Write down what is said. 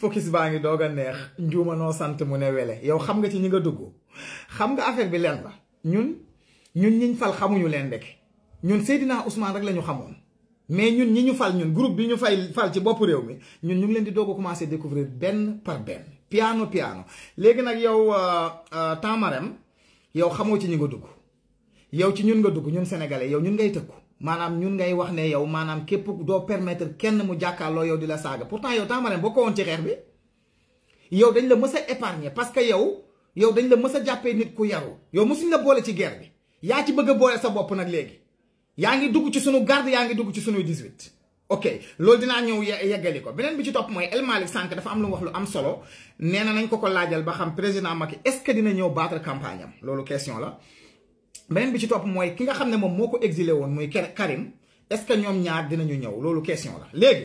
focus baa ngi dooga a neex njuuma noo sant mu ne wele yow xam nga ci ñi nga dugg xam nga affaire bi leen la ñun ñun ñiñ fal xamuñu leen ndek ñun naa Ousmane rek la ñu xamoon mais ñun ñi ñu fal ñun groupe bi ñu fay fal ci bopp réew mi ñun ñu ngi leen di doog a commencé découvrir benn par benn piano piano léegi nag yow euh, euh, temps marem yow xamoo ci ñi nga dugg yow ci ñun nga dugg ñun sénégalais yow ñun ngay tëkku maanaam ñun ngay wax ne yow maanaam képp doo permettre kenn mu jàkkaarloo yow di la saaga pourtant yow temps marraine bokkoo woon ci xeex bi yow dañ la mës a épargner parce que yow yow dañ la mës a jàppee nit ku yaru yow mosuñ la boole ci geer bi yaa ci bëgg boole sa bopp nag léegi yaa ngi dugg ci sunu garde yaa ngi dugg ci sunu 18. ok loolu dinaa ñëw yeggali ko beneen bi ci topp mooy El Malick dafa am lu mu wax lu am solo nee na nañ ko ko laajal ba xam président Macky est-ce que dina ñëw battre campagne am loolu question la. beneen bi ci topp mooy ki nga xam ne moom moo ko exilé woon muy Karim est-ce que ñoom ñaar dinañu ñëw loolu question la léegi.